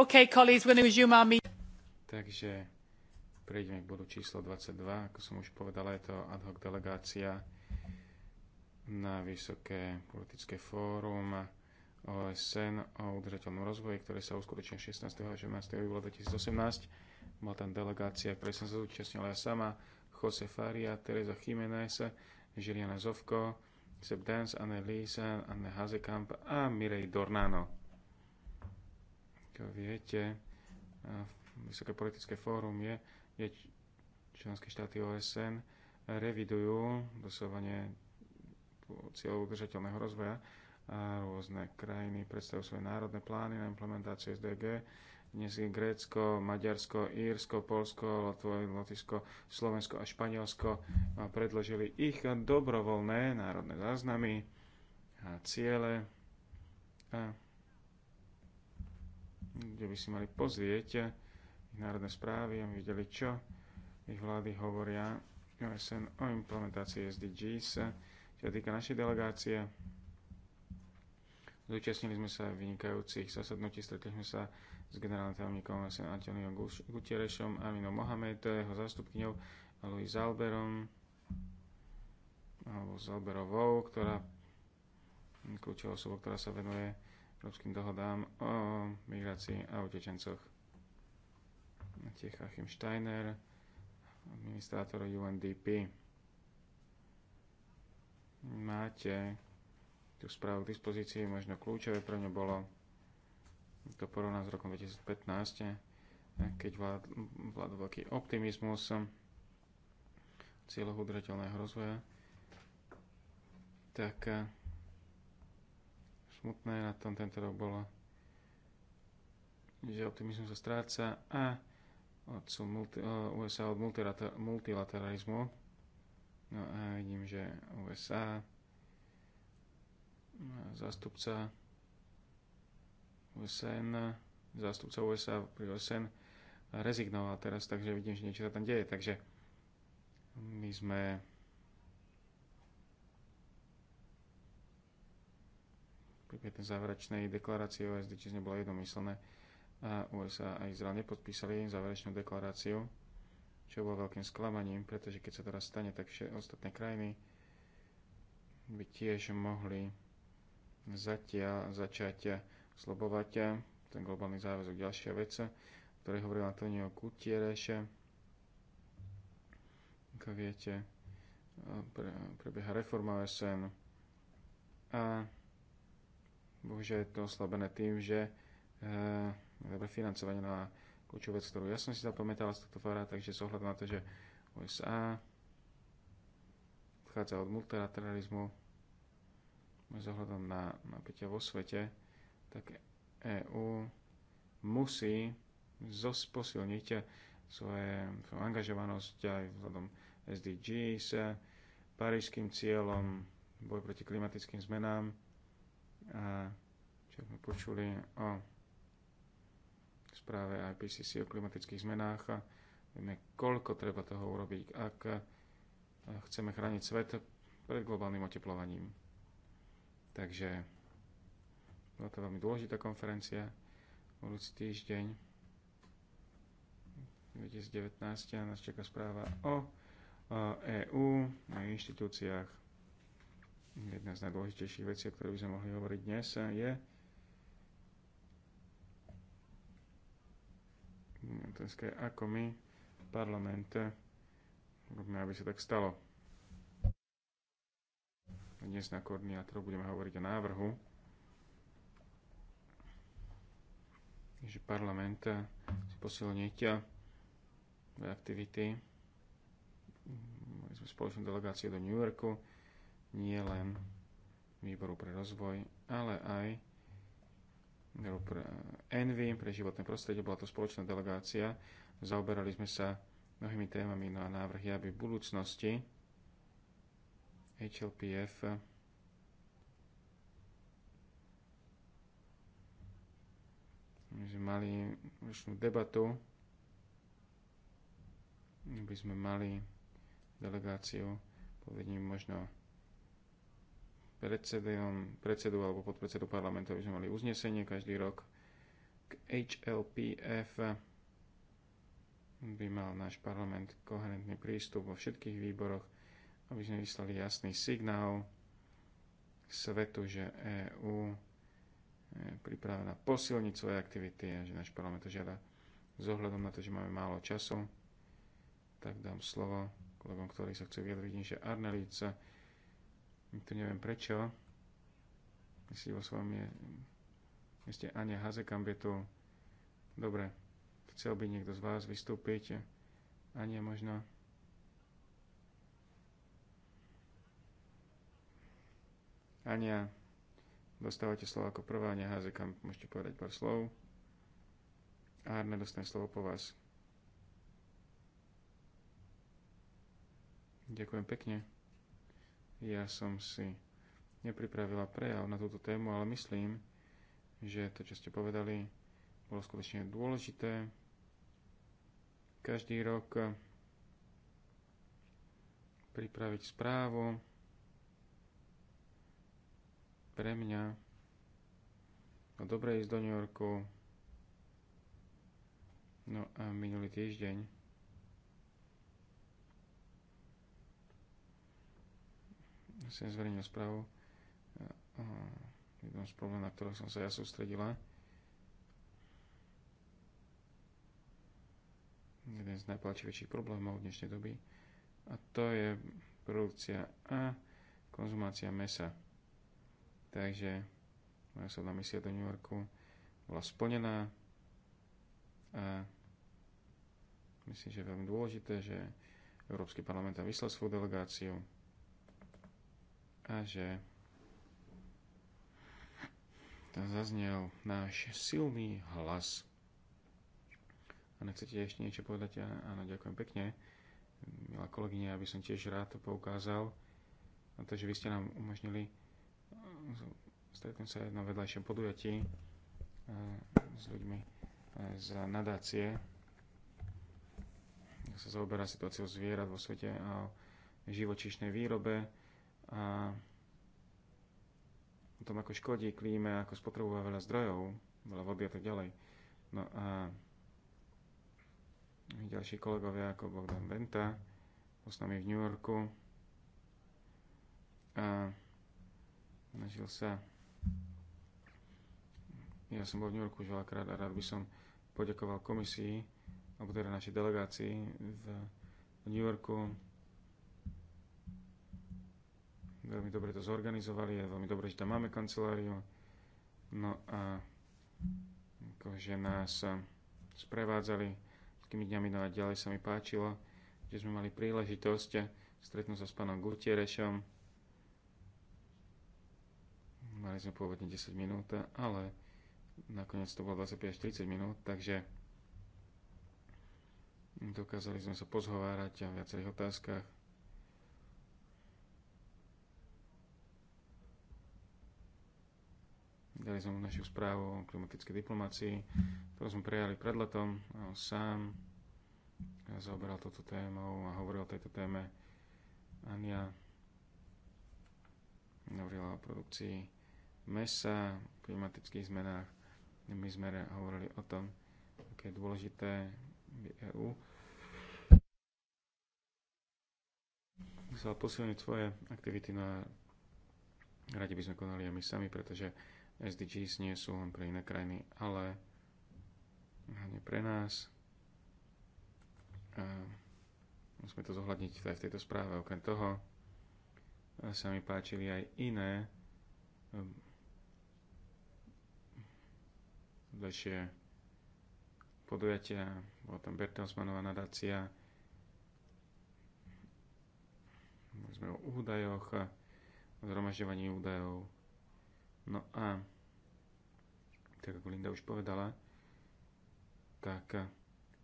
Okay, colleagues, we're resume our meeting. Takže prejdeme k bodu číslo 22. Ako som už povedala, je to ad hoc delegácia na Vysoké politické fórum OSN o udržateľnom rozvoji, ktoré sa uskutočne 16. a 17. júla 2018. Bola tam delegácia, ktorej som sa zúčastnila ja sama, Jose Faria, Teresa Jiménez, Žiliana Zovko, Seb Dance, Anne Lisa, Anne Hazekamp a Mirej Dornano to viete, Vysoké politické fórum je, je členské štáty OSN revidujú dosovanie cieľov udržateľného rozvoja a rôzne krajiny predstavujú svoje národné plány na implementáciu SDG. Dnes je Grécko, Maďarsko, Írsko, Polsko, Lotisko, Slovensko a Španielsko predložili ich dobrovoľné národné záznamy a ciele. A kde by si mali pozrieť ich národné správy, a videli, čo ich vlády hovoria OSN o implementácii SDGs. Čo sa týka našej delegácie, zúčastnili sme sa vynikajúcich zasadnutí, stretli sme sa s generálnym tajomníkom OSN Antonio Gutierrešom, Aminom Mohamed, jeho zástupkyňou a Louis Alberom, alebo s Alberovou, ktorá kľúčová osoba, ktorá sa venuje európskym dohodám o migrácii a utečencoch. Matej Achim Steiner, administrátor UNDP. Máte tú správu k dispozícii, možno kľúčové pre ňo bolo to porovná s rokom 2015, keď vládol veľký optimizmus cieľov udržateľného rozvoja, tak smutné na tom tento rok bolo, že optimizmus sa stráca a odsun multi, USA od multilateralizmu. No a vidím, že USA zástupca USN, zástupca USA pri OSN rezignoval teraz, takže vidím, že niečo sa tam deje. Takže my sme prípade záverečnej deklarácie OSD, čiže nebolo jednomyselné. A USA a Izrael nepodpísali záverečnú deklaráciu, čo bolo veľkým sklamaním, pretože keď sa teraz stane, tak ostatné krajiny by tiež mohli zatiaľ začať slobovať ten globálny záväzok. Ďalšia vec, ktorý hovoril Antonio Gutierrez, ako viete, prebieha reforma OSN a bohužiaľ je to oslabené tým, že e, financovanie na kľúčovú vec, ktorú ja som si zapamätal z tohto fara, takže zohľadom na to, že USA odchádza od multilateralizmu zohľadom na napätia vo svete, tak EÚ musí zosposilniť svoje, svoju angažovanosť aj vzhľadom SDGs, parížským cieľom, boj proti klimatickým zmenám, a čo sme počuli o správe IPCC o klimatických zmenách a vieme, koľko treba toho urobiť, ak chceme chrániť svet pred globálnym oteplovaním. Takže bola to veľmi dôležitá konferencia budúci týždeň 2019 nás čaká správa o EÚ a inštitúciách jedna z najdôležitejších vecí, o ktorých by sme mohli hovoriť dnes, je otázka, ako my parlament robíme, aby sa tak stalo. Dnes na koordinátoru budeme hovoriť o návrhu, že parlament si posilniť aktivity. Mali sme spoločnú delegáciu do New Yorku, nie len výboru pre rozvoj, ale aj výboru pre Envy, pre životné prostredie. Bola to spoločná delegácia. Zaoberali sme sa mnohými témami na no návrhy, aby v budúcnosti HLPF my sme mali dnešnú debatu, aby sme mali delegáciu povedním možno predsedom, predsedu alebo podpredsedu parlamentu, aby sme mali uznesenie každý rok k HLPF by mal náš parlament koherentný prístup vo všetkých výboroch, aby sme vyslali jasný signál svetu, že EÚ je pripravená posilniť svoje aktivity a že náš parlament to žiada s ohľadom na to, že máme málo času, tak dám slovo kolegom, ktorí sa chcú vyjadriť, že Arnelíca tu neviem prečo, Myslím, vo svojom je, ešte Ania Hazekam je tu. Dobre, chcel by niekto z vás vystúpiť? Ania možno? Ania, dostávate slovo ako prvá, Ania Hazekam, môžete povedať pár slov. A Arne dostane slovo po vás. Ďakujem pekne. Ja som si nepripravila prejav na túto tému, ale myslím, že to, čo ste povedali, bolo skutočne dôležité. Každý rok pripraviť správu pre mňa. No dobre ísť do New Yorku. No a minulý týždeň som zverejnil správu. Jednom z problémov, na ktorých som sa ja sústredila, jeden z najpalčivejších problémov v dnešnej doby, a to je produkcia a konzumácia mesa. Takže moja osobná misia do New Yorku bola splnená a myslím, že je veľmi dôležité, že Európsky parlament tam vyslal svoju delegáciu taká, že tam zaznel náš silný hlas. A nechcete ešte niečo povedať? Áno, ďakujem pekne. Milá kolegyňa, aby som tiež rád to poukázal A to, že vy ste nám umožnili eh, stretnúť sa na vedľajšom podujatí eh, s ľuďmi eh, z nadácie, sa zaoberá situáciou zvierat vo svete a o výrobe a o tom, ako škodí klíme, ako spotrebuje veľa zdrojov, veľa vody a tak ďalej. No a ďalší kolegovia ako Bogdan Benta, bol s nami v New Yorku a snažil sa ja som bol v New Yorku už veľakrát a rád by som poďakoval komisii, alebo teda našej delegácii v New Yorku, Veľmi dobre to zorganizovali a veľmi dobre, že tam máme kanceláriu. No a akože nás sprevádzali takými dňami, no a ďalej sa mi páčilo, že sme mali príležitosť stretnúť sa s pánom Gutierešom. Mali sme pôvodne 10 minút, ale nakoniec to bolo 25 až 30 minút, takže dokázali sme sa pozhovárať o viacerých otázkach. dali sme našu správu o klimatickej diplomácii, ktorú sme prijali pred letom. A sám ja zaoberal toto tému a hovoril o tejto téme Ania hovorila o produkcii mesa, klimatických zmenách. My sme hovorili o tom, aké je dôležité by EU musela posilniť svoje aktivity, no a radi by sme konali aj my sami, pretože SDGs nie sú len pre iné krajiny, ale hlavne pre nás. A musíme to zohľadniť aj v tejto správe. Okrem toho sa mi páčili aj iné väčšie um, podujatia. Bola tam Bertelsmanová nadácia. Sme o údajoch, o zhromažďovaní údajov, No a tak ako Linda už povedala, tak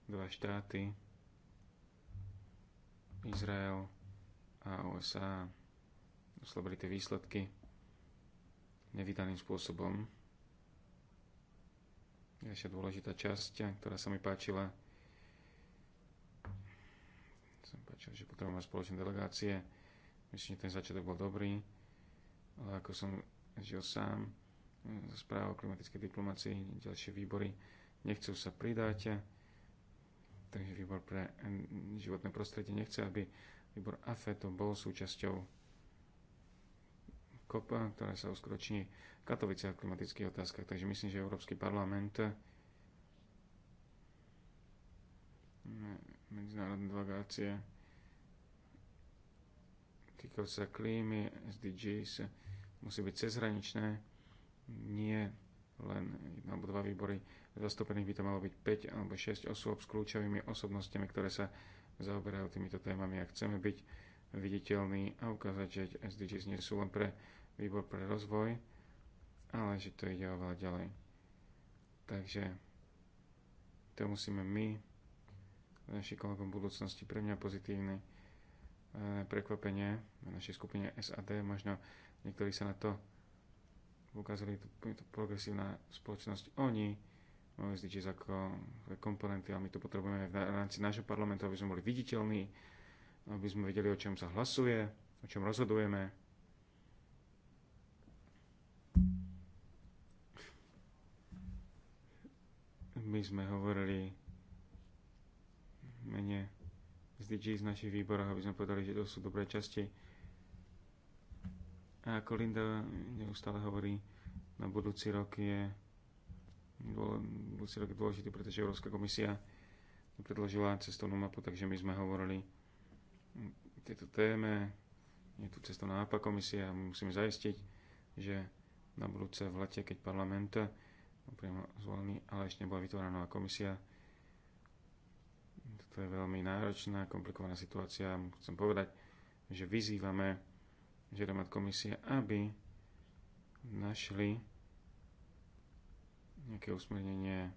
dva štáty, Izrael a USA, oslobili tie výsledky nevydaným spôsobom. Ešte dôležitá časť, ktorá sa mi páčila, som páčil, že potom mať spoločné delegácie. Myslím, že ten začiatok bol dobrý, ale ako som žil sám mm, zo správ o klimatickej diplomácii, ďalšie výbory nechcú sa pridať, takže výbor pre mm, životné prostredie nechce, aby výbor AFETO bol súčasťou COP, ktorá sa uskutoční v Katovice a klimatických otázkach. Takže myslím, že Európsky parlament mm, medzinárodné delegácie týkajú sa klímy, SDGs, musí byť cezhraničné, nie len jedna alebo dva výbory zastúpených by to malo byť 5 alebo 6 osôb s kľúčovými osobnostiami, ktoré sa zaoberajú týmito témami a chceme byť viditeľní a ukázať, že SDGs nie sú len pre výbor pre rozvoj, ale že to ide oveľa ďalej. Takže to musíme my, naši kolegom budúcnosti, pre mňa pozitívne eh, prekvapenie na našej skupine SAD, možno Niektorí sa na to ukázali, je to progresívna spoločnosť. Oni majú SDGs ako komponenty a my to potrebujeme v rámci nášho parlamentu, aby sme boli viditeľní, aby sme vedeli, o čom sa hlasuje, o čom rozhodujeme. My sme hovorili mene SDG z našich výborov, aby sme povedali, že to sú dobré časti a ako Linda neustále hovorí, na budúci rok je budúci rok je dôležitý, pretože Európska komisia predložila cestovnú mapu, takže my sme hovorili tieto téme, je tu cestovná mapa komisia a musíme zaistiť, že na budúce v lete, keď parlament priamo zvolený, ale ešte nebola vytvorená nová komisia, toto je veľmi náročná, komplikovaná situácia. Chcem povedať, že vyzývame žiadam od komisie, aby našli nejaké usmernenie,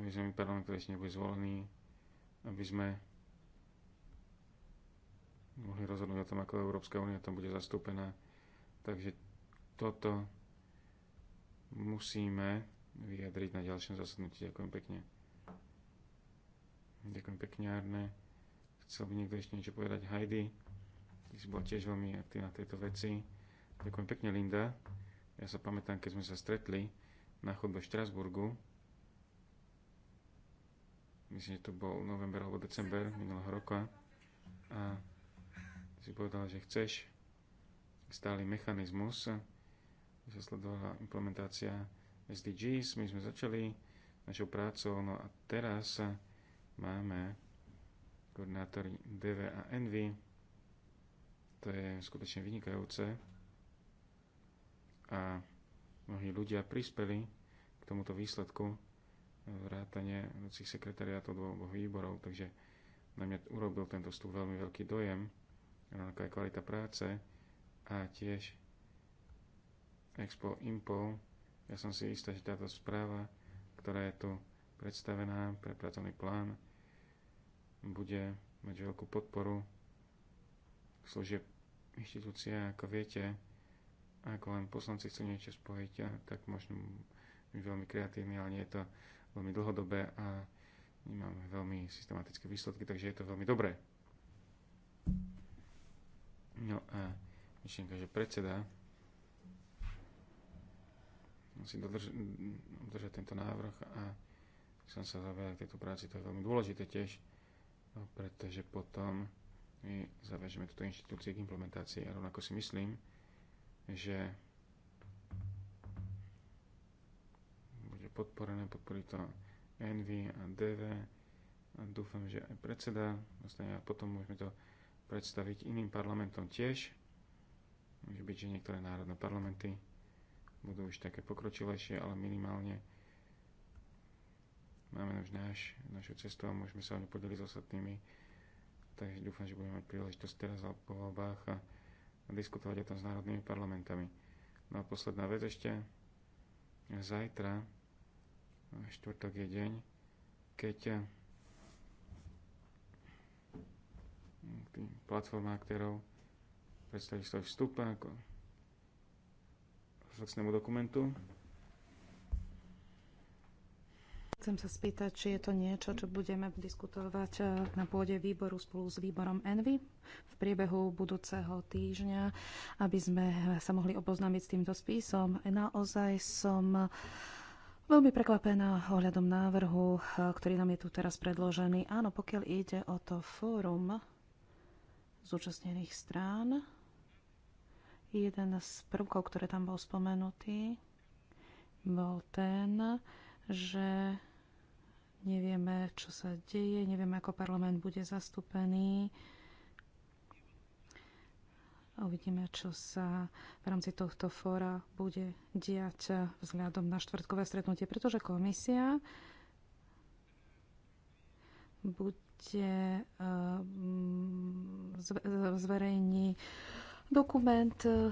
aby sme parlament, ktorý ešte nebude zvolený, aby sme mohli rozhodnúť o tom, ako Európska únia tam bude zastúpená. Takže toto musíme vyjadriť na ďalšom zasadnutí. Ďakujem pekne. Ďakujem pekne, Arne. Chcel by niekto ešte niečo povedať Heidi. Ty si bola tiež veľmi aktívna v tejto veci. Ďakujem pekne, Linda. Ja sa pamätám, keď sme sa stretli na chodbe v Štrasburgu. Myslím, že to bol november alebo december minulého roka. A si povedala, že chceš stály mechanizmus, že sledovala implementácia SDGs. My sme začali našou prácou, no a teraz máme koordinátori DV a Envy. To je skutočne vynikajúce. A mnohí ľudia prispeli k tomuto výsledku vrátane vedúcich sekretariátov dvoch výborov, takže na mňa urobil tento vstup veľmi veľký dojem, aká je kvalita práce a tiež Expo Impo. Ja som si istá, že táto správa, ktorá je tu predstavená pre pracovný plán, bude mať veľkú podporu služieb inštitúcie, ako viete, ako len poslanci chcú niečo spojiť, tak možno byť veľmi kreatívni, ale nie je to veľmi dlhodobé a nemáme veľmi systematické výsledky, takže je to veľmi dobré. No a myšlienka, že predseda musí dodrž- dodržať tento návrh a som sa zaviazal k tejto práci, to je veľmi dôležité tiež. No, pretože potom my zavežeme túto inštitúcie k implementácii. A rovnako si myslím, že bude podporené, podporí to NV a DV a dúfam, že aj predseda a potom môžeme to predstaviť iným parlamentom tiež. Môže byť, že niektoré národné parlamenty budú už také pokročilejšie, ale minimálne Máme už náš, našu cestu a môžeme sa o ňu podeliť s ostatnými. Takže dúfam, že budeme mať príležitosť teraz po voľbách a, a diskutovať o tom s národnými parlamentami. No a posledná vec ešte. Zajtra, štvrtok je deň, keď eh, platforma aktérov predstaví svoj vstup ako k dokumentu. Chcem sa spýtať, či je to niečo, čo budeme diskutovať eh, na pôde výboru spolu s výborom Envy v priebehu budúceho týždňa, aby sme sa mohli oboznámiť s týmto spisom. Naozaj som veľmi prekvapená ohľadom návrhu, eh, ktorý nám je tu teraz predložený. Áno, pokiaľ ide o to fórum zúčastnených strán, jeden z prvkov, ktoré tam bol spomenutý, bol ten, že nevieme, čo sa deje, nevieme, ako parlament bude zastúpený. Uvidíme, čo sa v rámci tohto fóra bude diať vzhľadom na štvrtkové stretnutie, pretože komisia bude eh, zverejniť. Dokument eh, eh,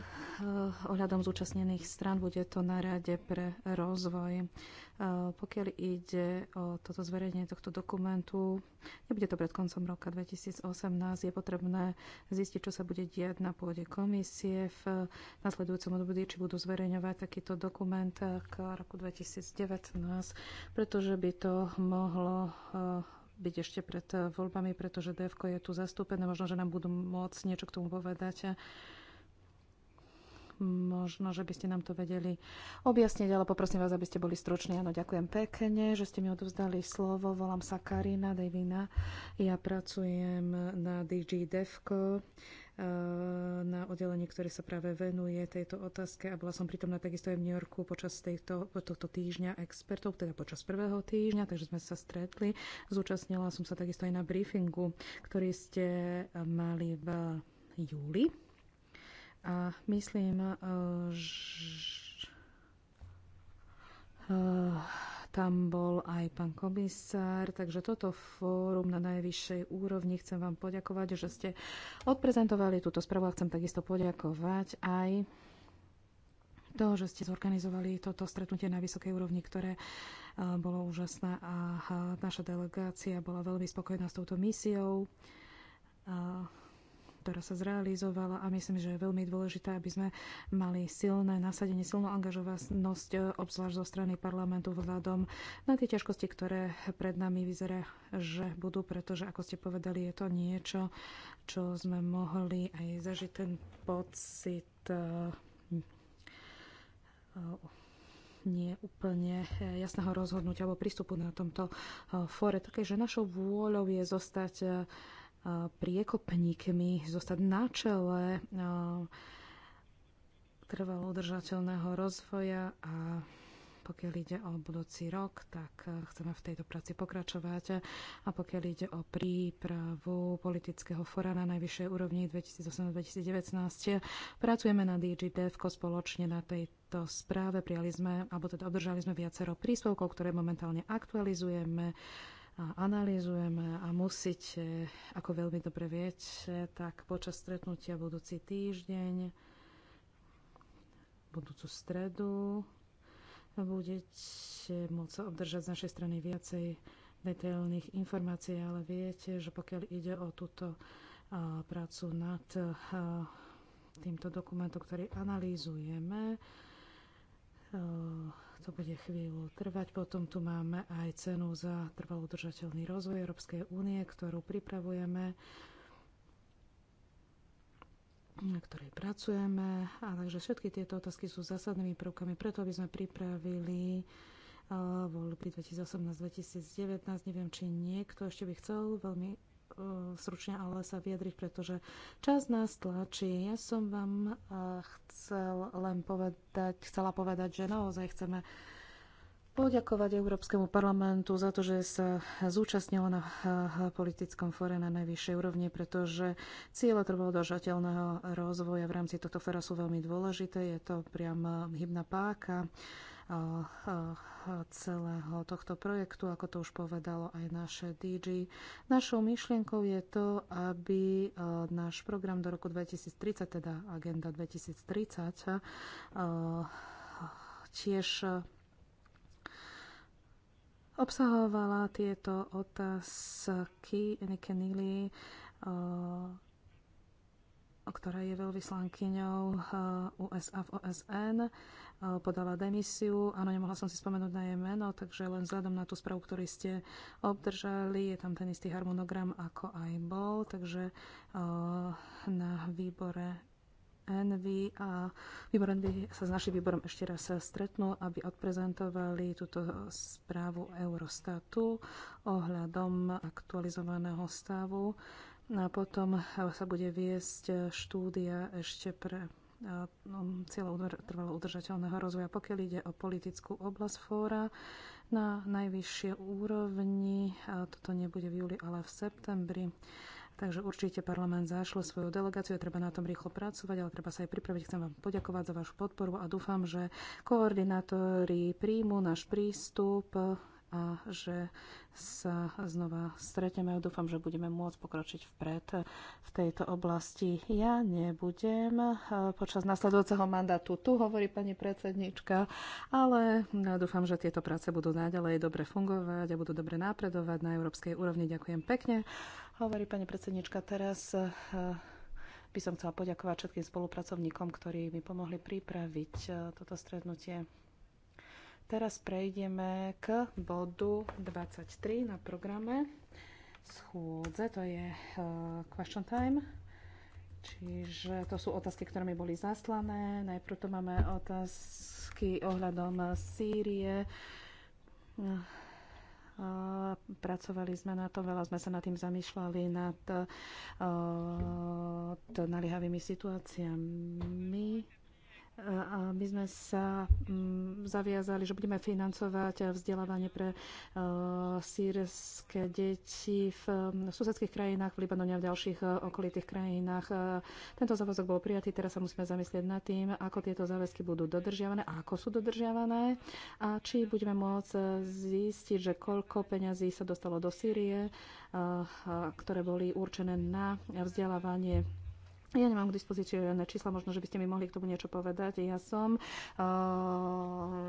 ohľadom zúčastnených strán bude to na rade pre rozvoj. Eh, pokiaľ ide o toto zverejnenie tohto dokumentu, nebude to pred koncom roka 2018, je potrebné zistiť, čo sa bude diať na pôde komisie v nasledujúcom období, či budú zverejňovať takýto dokument k roku 2019, pretože by to mohlo byť ešte pred eh, voľbami, pretože DFK je tu zastúpené. Možno, že nám budú môcť niečo k tomu povedať. Možno, že by ste nám to vedeli objasniť, ale poprosím vás, aby ste boli struční. Áno, ďakujem pekne, že ste mi odovzdali slovo. Volám sa Karina Devina. Ja pracujem na DG DevCo na oddelenie, ktoré sa práve venuje tejto otázke a bola som pritomná takisto aj v New Yorku počas tejto, tohto týždňa expertov, teda počas prvého týždňa, takže sme sa stretli. Zúčastnila som sa takisto aj na briefingu, ktorý ste mali v júli. A myslím, že tam bol aj pán komisár, takže toto fórum na najvyššej úrovni chcem vám poďakovať, že ste odprezentovali túto správu a chcem takisto poďakovať aj to, že ste zorganizovali toto stretnutie na vysokej úrovni, ktoré bolo úžasné a naša delegácia bola veľmi spokojná s touto misiou ktorá sa zrealizovala a myslím, že je veľmi dôležité, aby sme mali silné nasadenie, silnú angažovanosť, obzvlášť zo strany parlamentu vzhľadom na tie ťažkosti, ktoré pred nami vyzerá, že budú, pretože, ako ste povedali, je to niečo, čo sme mohli aj zažiť ten pocit e, e, nie úplne jasného rozhodnutia alebo prístupu na tomto e, fóre. Takže našou vôľou je zostať priekopníkmi, zostať na čele trvalo udržateľného rozvoja a pokiaľ ide o budúci rok, tak chceme v tejto práci pokračovať. A pokiaľ ide o prípravu politického fora na najvyššej úrovni 2018-2019, pracujeme na DGDF spoločne na tejto správe. Prijali sme, alebo teda obdržali sme viacero príspevkov, ktoré momentálne aktualizujeme a analýzujeme a musíte, ako veľmi dobre viete, tak počas stretnutia budúci týždeň, budúcu stredu, budete môcť obdržať z našej strany viacej detailných informácií, ale viete, že pokiaľ ide o túto a, prácu nad a, týmto dokumentom, ktorý analýzujeme, a, to bude chvíľu trvať. Potom tu máme aj cenu za trvalo udržateľný rozvoj Európskej únie, ktorú pripravujeme na ktorej pracujeme. A takže všetky tieto otázky sú zásadnými prvkami, preto aby sme pripravili eh, voľby 2018-2019. Neviem, či niekto ešte by chcel veľmi E, stručne ale sa vyjadriť, pretože čas nás tlačí. Ja som vám e, chcel len povedať, chcela povedať, že naozaj chceme poďakovať Európskemu parlamentu za to, že sa zúčastnilo na e, politickom fóre na najvyššej úrovni, pretože cieľe trvodržateľného rozvoja v rámci tohto fóra sú veľmi dôležité. Je to priam hybná páka celého tohto projektu, ako to už povedalo aj naše DG. Našou myšlienkou je to, aby náš program do roku 2030, teda Agenda 2030, tiež obsahovala tieto otázky Enike Nili, ktorá je veľvyslankyňou USA v OSN podala demisiu. Áno, nemohla som si spomenúť na jej meno, takže len vzhľadom na tú správu, ktorú ste obdržali, je tam ten istý harmonogram, ako aj bol, takže na výbore Envy a výbor Envy sa s našim výborom ešte raz stretnú, aby odprezentovali túto správu Eurostatu ohľadom aktualizovaného stavu. No a potom sa bude viesť štúdia ešte pre E, um, cieľov trvalo udržateľného rozvoja. Pokiaľ ide o politickú oblasť fóra, na najvyššie úrovni, e, toto nebude v júli, ale v septembri, Takže určite parlament zašle svoju delegáciu, treba na tom rýchlo pracovať, ale treba sa aj pripraviť. Chcem vám poďakovať za vašu podporu a dúfam, že koordinátori príjmu náš prístup a že sa znova stretneme. Dúfam, že budeme môcť pokročiť vpred v tejto oblasti. Ja nebudem eh, počas nasledujúceho mandátu tu, hovorí pani predsednička, ale eh, dúfam, že tieto práce budú naďalej dobre fungovať a budú dobre napredovať na európskej úrovni. Ďakujem pekne. Hovorí pani predsednička teraz eh, by som chcela poďakovať všetkým spolupracovníkom, ktorí mi pomohli pripraviť toto stretnutie. Teraz prejdeme k bodu 23 na programe schôdze, to je uh, question time. Čiže to sú otázky, ktoré mi boli zaslané. Najprv tu máme otázky ohľadom Sýrie. E, pracovali sme na to, veľa sme sa nad tým zamýšľali, nad e, naliehavými situáciami my sme sa mm, zaviazali, že budeme financovať vzdelávanie pre e, sírske deti mm, v susedských krajinách, v Libanone a v ďalších e, okolitých krajinách. E, tento záväzok bol prijatý, teraz sa musíme zamyslieť nad tým, ako tieto záväzky budú dodržiavané, ako sú dodržiavané a či budeme môcť zistiť, že koľko peňazí sa dostalo do Sýrie, ktoré boli určené na vzdelávanie ja nemám k dispozícii žiadne čísla, možno, že by ste mi mohli k tomu niečo povedať. Ja som uh,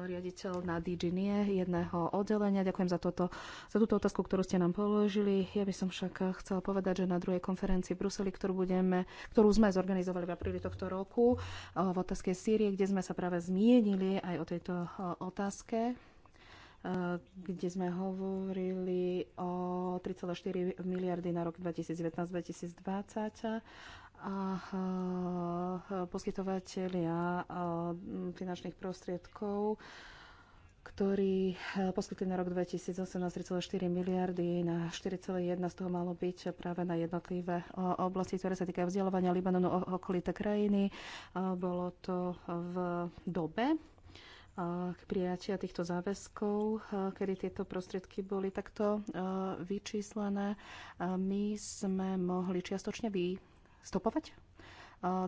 riaditeľ na DGNIE jedného oddelenia. Ďakujem za, toto, za túto otázku, ktorú ste nám položili. Ja by som však chcela povedať, že na druhej konferencii v Bruseli, ktorú, budeme, ktorú sme zorganizovali v apríli tohto roku uh, v otázke Sýrie, kde sme sa práve zmienili aj o tejto uh, otázke, kde sme hovorili o 3,4 miliardy na rok 2019-2020 a poskytovateľia finančných prostriedkov ktorí poskytli na rok 2018 3,4 miliardy na 4,1 z toho malo byť práve na jednotlivé oblasti, ktoré sa týkajú vzdelávania Libanonu okolité krajiny. Bolo to v dobe k prijatia týchto záväzkov, kedy tieto prostriedky boli takto vyčíslené. My sme mohli čiastočne vy stopovať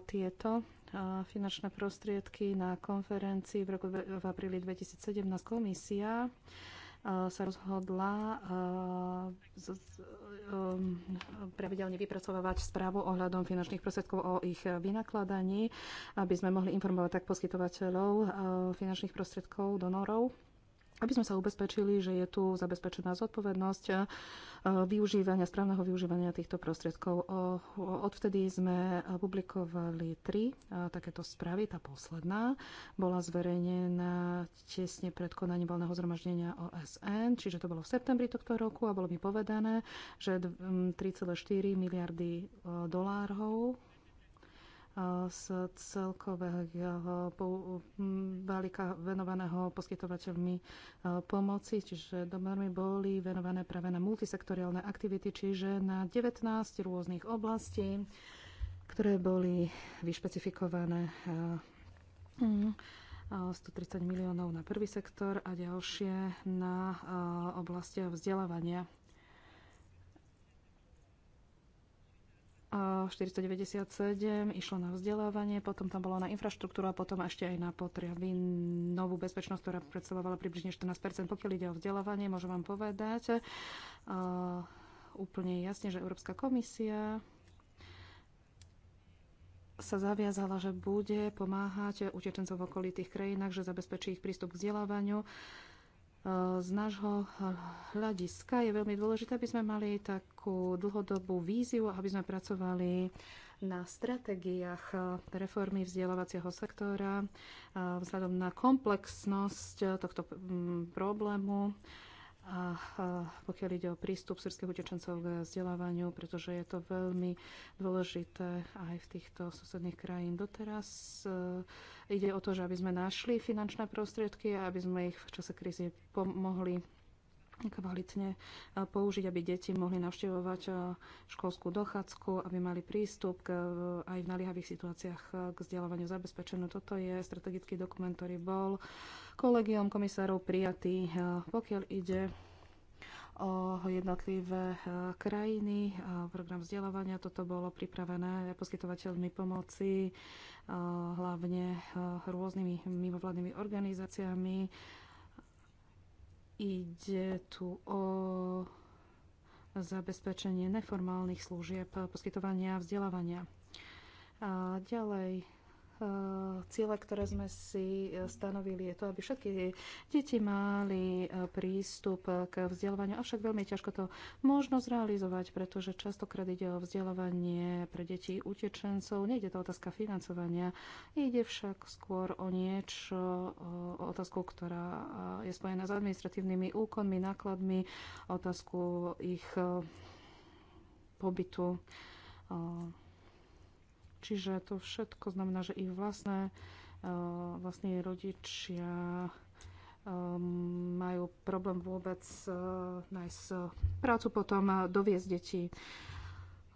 Tieto finančné prostriedky na konferencii v, roku, v apríli 2017 komisia sa rozhodla um, pravidelne vypracovávať správu ohľadom finančných prostriedkov o ich vynakladaní, aby sme mohli informovať tak poskytovateľov finančných prostriedkov, donorov aby sme sa ubezpečili, že je tu zabezpečená zodpovednosť e, využívania, správneho využívania týchto prostriedkov. Odvtedy sme publikovali tri e, takéto správy. Tá posledná bola zverejnená tesne pred konaním voľného zhromaždenia OSN, čiže to bolo v septembri tohto roku a bolo mi povedané, že 3,4 miliardy e, dolárov z celkového balíka venovaného poskytovateľmi e, pomoci, čiže donormi boli venované práve na multisektoriálne aktivity, čiže na 19 rôznych oblastí, ktoré boli vyšpecifikované 130 e, mm, miliónov na prvý sektor a ďalšie na e, oblasti vzdelávania. 497 išlo na vzdelávanie, potom tam bolo na infraštruktúru a potom ešte aj na potreby novú bezpečnosť, ktorá predstavovala približne 14 Pokiaľ ide o vzdelávanie, môžem vám povedať úplne jasne, že Európska komisia sa zaviazala, že bude pomáhať utečencov v okolitých krajinách, že zabezpečí ich prístup k vzdelávaniu z nášho hľadiska je veľmi dôležité, aby sme mali takú dlhodobú víziu, aby sme pracovali na stratégiách reformy vzdelávacieho sektora vzhľadom na komplexnosť tohto mm, problému a pokiaľ ide o prístup sírskych utečencov k vzdelávaniu, pretože je to veľmi dôležité aj v týchto susedných krajín. Doteraz e, ide o to, že aby sme našli finančné prostriedky a aby sme ich v čase krízy pomohli kvalitne e, použiť, aby deti mohli navštevovať e, školskú dochádzku, aby mali prístup k, e, aj v naliehavých situáciách k vzdelávaniu zabezpečenú. Toto je strategický dokument, ktorý bol kolegiom komisárov prijatý. Pokiaľ ide o jednotlivé krajiny, a program vzdelávania. Toto bolo pripravené poskytovateľmi pomoci, hlavne rôznymi mimovládnymi organizáciami, Ide tu o zabezpečenie neformálnych služieb poskytovania vzdelávania. A ďalej E, ciele, ktoré sme si e, stanovili, je to, aby všetky deti mali e, prístup k vzdelávaniu, avšak veľmi ťažko to možno zrealizovať, pretože častokrát ide o vzdelávanie pre deti utečencov, nejde to otázka financovania, ide však skôr o niečo, o otázku, ktorá je spojená s administratívnymi úkonmi, nákladmi, otázku ich pobytu Čiže to všetko znamená, že ich vlastné, e, vlastní rodičia e, majú problém vôbec e, nájsť prácu, potom doviezť deti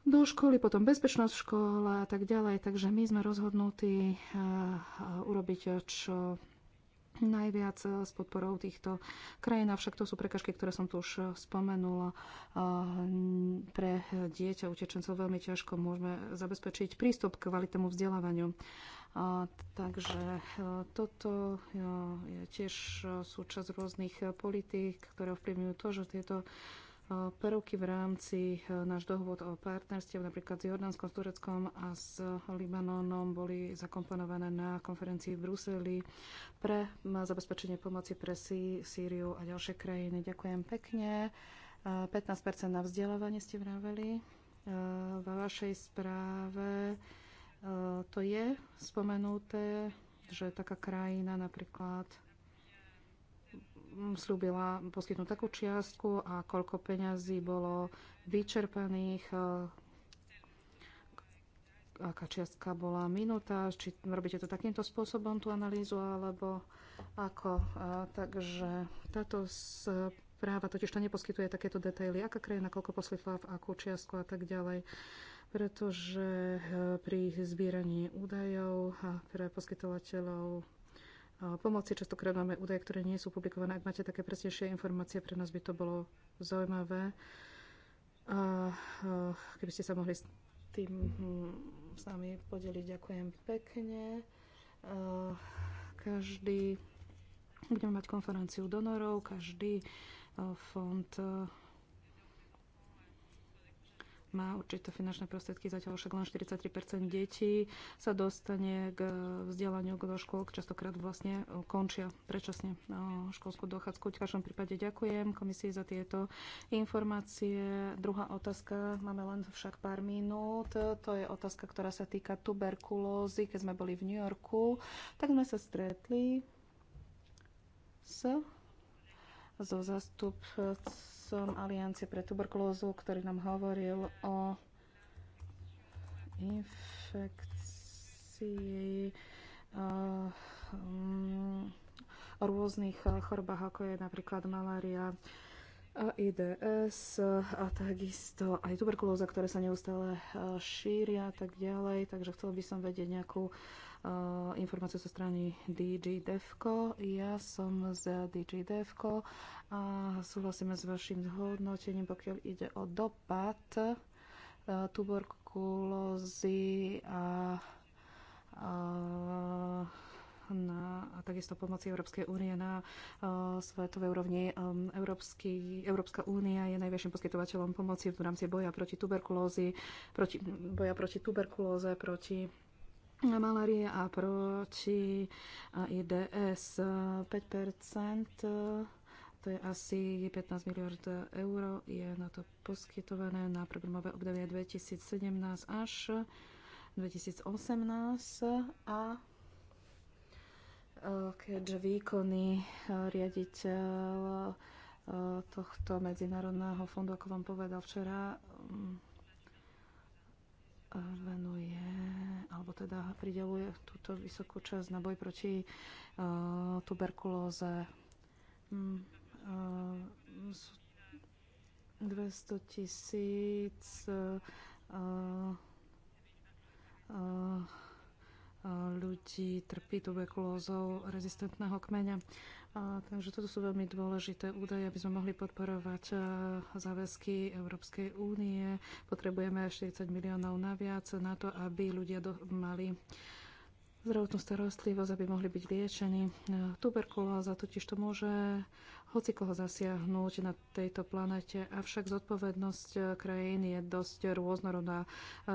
do školy, potom bezpečnosť v škole a tak ďalej. Takže my sme rozhodnutí urobiť čo najviac eh, s podporou týchto krajín. Avšak to sú prekažky, ktoré som tu už eh, spomenula. Eh, pre dieťa utečencov veľmi ťažko môžeme zabezpečiť prístup k kvalitnému vzdelávaniu. takže toto je tiež súčasť rôznych politík, ktoré ovplyvňujú to, že tieto prvky v rámci e, náš dohovod o partnerstve napríklad s Jordánskom, s Tureckom a s Libanonom boli zakomponované na konferencii v Bruseli pre zabezpečenie pomoci pre Sýriu a ďalšie krajiny. Ďakujem pekne. 15% na vzdelávanie ste vraveli. E, vo vašej správe e, to je spomenuté, že taká krajina napríklad slúbila poskytnúť takú čiastku a koľko peňazí bolo vyčerpaných, e, aká čiastka bola minúta, či robíte to takýmto spôsobom, tú analýzu, alebo ako. A, e, takže táto správa totiž to neposkytuje takéto detaily, aká krajina, koľko poskytla, v akú čiastku a tak ďalej pretože e, pri zbieraní údajov pre poskytovateľov pomoci. Častokrát máme údaje, ktoré nie sú publikované. Ak máte také presnejšie informácie, pre nás by to bolo zaujímavé. A keby ste sa mohli s tým hm, s nami podeliť, ďakujem pekne. Každý, budeme mať konferenciu donorov, každý fond má určité finančné prostriedky, zatiaľ však len 43% detí sa dostane k vzdelaniu do škôl, častokrát vlastne končia predčasne e, školskú dochádzku. V každom prípade ďakujem komisii za tieto informácie. Druhá otázka, máme len však pár minút, to je otázka, ktorá sa týka tuberkulózy. Keď sme boli v New Yorku, tak sme sa stretli s so zastupcom zástupcom Aliancie pre tuberkulózu, ktorý nám hovoril o infekcii eh, mm, o rôznych eh, chorobách, ako je napríklad malária, a IDS a takisto aj tuberkulóza, ktoré sa neustále eh, šíria a tak ďalej. Takže chcela by som vedieť nejakú eh, informáciu zo strany DG Devco. Ja som z DG Devco a súhlasíme s vašim zhodnotením, pokiaľ ide o dopad eh, tuberkulózy a na, a takisto pomoci Európskej únie na uh, svetovej úrovni. Um, Európsky, Európska únia je najväčším poskytovateľom pomoci v rámci boja proti tuberkulózi, proti, boja proti tuberkulóze, proti malárie a proti e, IDS 5 to je asi 15 miliard eur, je na to poskytované na programové obdobie 2017 až 2018 a Eh, keďže výkony eh, riaditeľ eh, tohto Medzinárodného fondu, ako vám povedal včera, mm, venuje, alebo teda prideluje túto vysokú časť na boj proti tuberkulóze. 200 mm, tisíc uh, uh, ľudí trpí tuberkulózou rezistentného kmeňa. Takže toto sú veľmi dôležité údaje, aby sme mohli podporovať záväzky Európskej únie. Potrebujeme 40 miliónov naviac na to, aby ľudia mali zdravotnú starostlivosť, aby mohli byť liečení. E, tuberkulóza totiž to môže hoci koho zasiahnuť na tejto planete, avšak zodpovednosť e, krajín je dosť rôznorodná. E,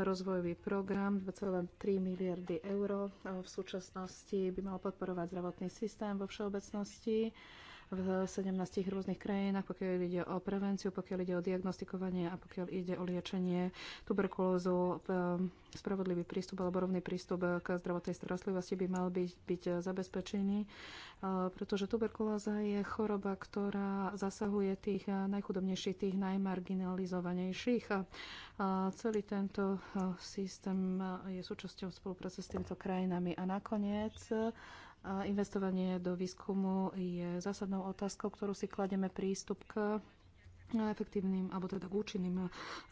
rozvojový program 2,3 miliardy eur v súčasnosti by mal podporovať zdravotný systém vo všeobecnosti v 17 rôznych krajinách, pokiaľ ide o prevenciu, pokiaľ ide o diagnostikovanie a pokiaľ ide o liečenie tuberkulózu. Eh, spravodlivý prístup alebo rovný prístup k zdravotnej starostlivosti by mal byť, byť zabezpečený, eh, pretože tuberkulóza je choroba, ktorá zasahuje tých eh, najchudobnejších, tých najmarginalizovanejších. A celý tento systém je súčasťou spolupráce s týmito krajinami. A nakoniec a investovanie do výskumu je zásadnou otázkou, ktorú si klademe prístup k efektívnym alebo teda k účinným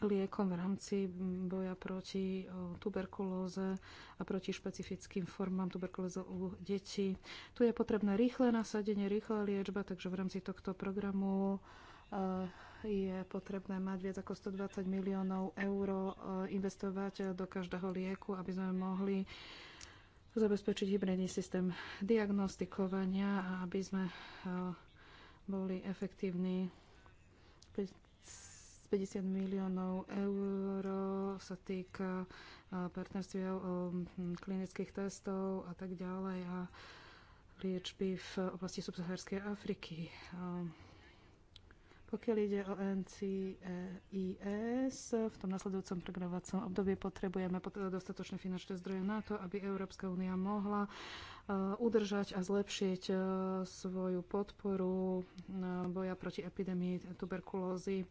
liekom v rámci boja proti tuberkulóze a proti špecifickým formám tuberkulózy u detí. Tu je potrebné rýchle nasadenie, rýchla liečba, takže v rámci tohto programu e, je potrebné mať viac ako 120 miliónov eur e, investovať do každého lieku, aby sme mohli zabezpečiť hybridný systém diagnostikovania, aby sme eh, boli efektívni. 50 miliónov eur sa týka eh, partnerstiev eh, hm, klinických testov a tak ďalej a liečby v oblasti subsaharskej Afriky. Pokiaľ ide o NCIS, e v tom nasledujúcom programovacom období potrebujeme dostatočné finančné zdroje na to, aby Európska únia mohla e, udržať a zlepšiť e, svoju podporu boja proti epidémii tuberkulózy.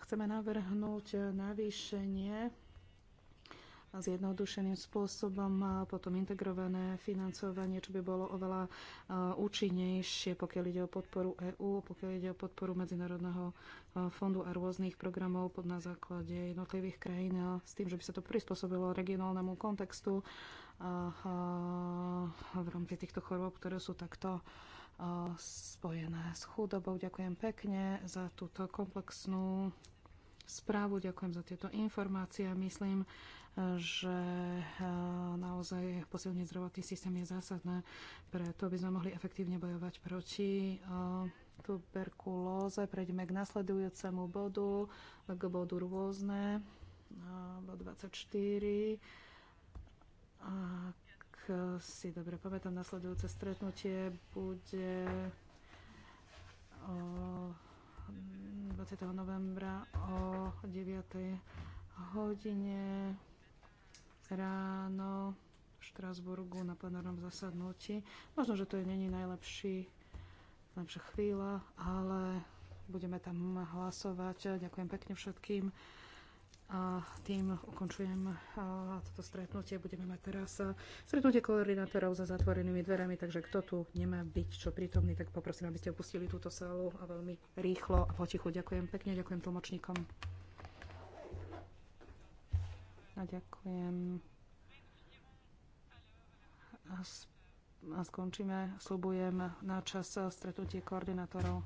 Chceme navrhnúť navýšenie zjednodušeným spôsobom, potom integrované financovanie, čo by bolo oveľa e, účinnejšie, pokiaľ ide o podporu EÚ, pokiaľ ide o podporu Medzinárodného e, fondu a rôznych programov pod na základe jednotlivých krajín s tým, že by sa to prispôsobilo regionálnemu kontextu a v rámci týchto chorôb, ktoré sú takto e, spojené s chudobou. Ďakujem pekne za túto komplexnú správu, ďakujem za tieto informácie. Myslím, že eh, naozaj posilniť zdravotný systém je zásadné, preto by sme mohli efektívne bojovať proti eh, tuberkulóze. Prejdeme k nasledujúcemu bodu, k bodu rôzne, eh, bod 24. Ak si dobre pamätám, nasledujúce stretnutie bude 20. novembra o 9. hodine ráno v Štrásburgu na plenárnom zasadnutí. Možno, že to je není najlepší, najlepšia chvíľa, ale budeme tam hlasovať. Ďakujem pekne všetkým. A tým ukončujem a toto stretnutie. Budeme mať teraz stretnutie koordinátorov za zatvorenými dverami, takže kto tu nemá byť čo prítomný, tak poprosím, aby ste opustili túto sálu a veľmi rýchlo a potichu. Ďakujem pekne, ďakujem tlmočníkom. A ďakujem. A, a skončíme, slubujem na čas stretnutie koordinátorov.